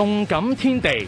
動感天地，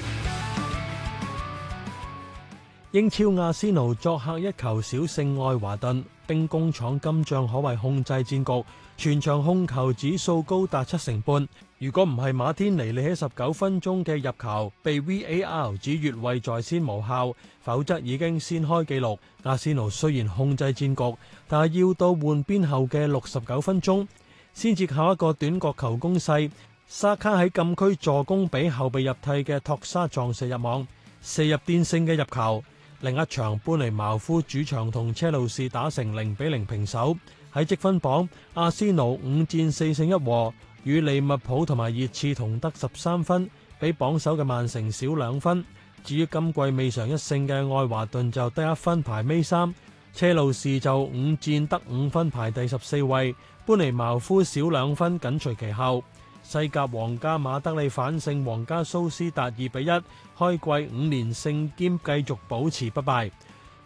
英超阿仙奴作客一球小勝愛華頓，兵工廠今仗可謂控制戰局，全場控球指數高達七成半。如果唔係馬天尼利喺十九分鐘嘅入球被 VAR 指越位在先無效，否則已經先開紀錄。阿仙奴雖然控制戰局，但係要到換邊後嘅六十九分鐘，先至靠一個短角球攻勢。沙卡喺禁區助攻，俾後備入替嘅托沙撞射入網，射入奠勝嘅入球。另一場般尼茅夫主場同車路士打成零比零平手。喺積分榜，阿仙奴五戰四勝一和，與利物浦同埋熱刺同得十三分，比榜首嘅曼城少兩分。至於今季未嘗一勝嘅愛華頓就得一分排尾三，車路士就五戰得五分排第十四位，般尼茅夫少兩分緊隨其後。西甲皇家馬德里反勝皇家蘇斯達二比一，開季五連勝兼繼續保持不敗。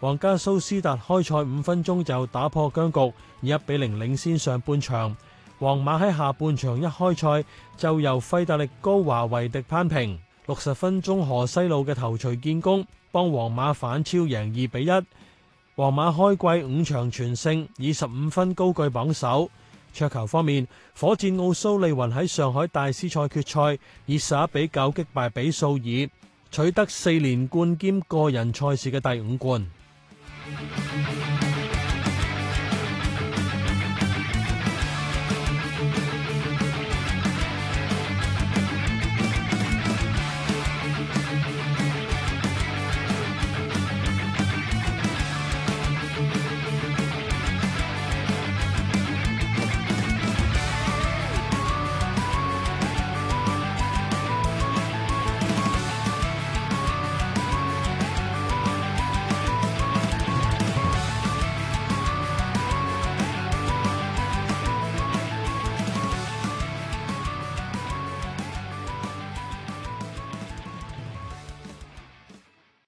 皇家蘇斯達開賽五分鐘就打破僵局，以一比零領先上半場。皇馬喺下半場一開賽就由費德力高華維迪攀平。六十分鐘河西路嘅頭槌建功，幫皇馬反超贏二比一。皇馬開季五場全勝，以十五分高居榜首。桌球方面，火箭奧蘇利雲喺上海大師賽決賽以十一比九擊敗比數爾，取得四連冠兼個人賽事嘅第五冠。